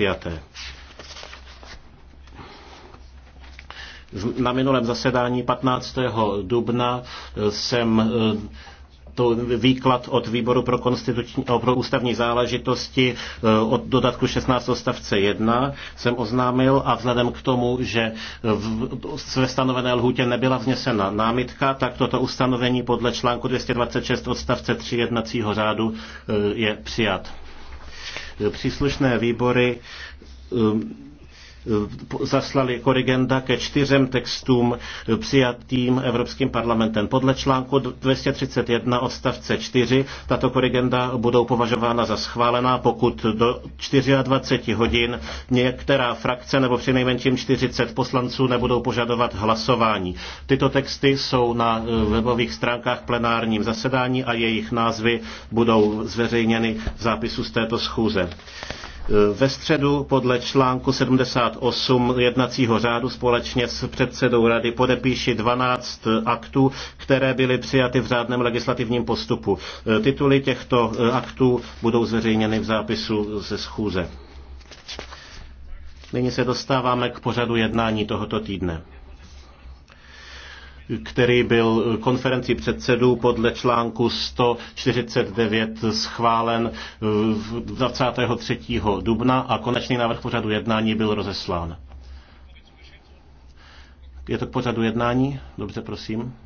přijaté. Na minulém zasedání 15. dubna jsem eh, to výklad od výboru pro, konstituční, eh, pro ústavní záležitosti eh, od dodatku 16 odstavce 1 jsem oznámil a vzhledem k tomu, že ve stanovené lhůtě nebyla vznesena námitka, tak toto ustanovení podle článku 226 odstavce 3 jednacího řádu je přijat. Příslušné výbory um, Eh, zaslali korigenda ke čtyřem textům přijatým Evropským parlamentem. Podle článku 231 odstavce 4 tato korigenda budou považována za schválená, pokud do 24 hodin některá frakce nebo při nejmenším 40 poslanců nebudou požadovat hlasování. Tyto texty jsou na eh, webových stránkách plenárním zasedání a jejich názvy budou zveřejněny v zápisu z této schůze. Ve středu podle článku 78 jednacího řádu společně s předsedou rady podepíši 12 aktů, které byly přijaty v řádném legislativním postupu. E, tituly těchto e, aktů budou zveřejněny v zápisu ze schůze. Nyní se dostáváme k pořadu jednání tohoto týdne který byl konferenci předsedů podle článku 149 schválen 23. Eh, dubna a konečný návrh pořadu jednání byl rozeslán. Je to k pořadu jednání? Dobře, prosím.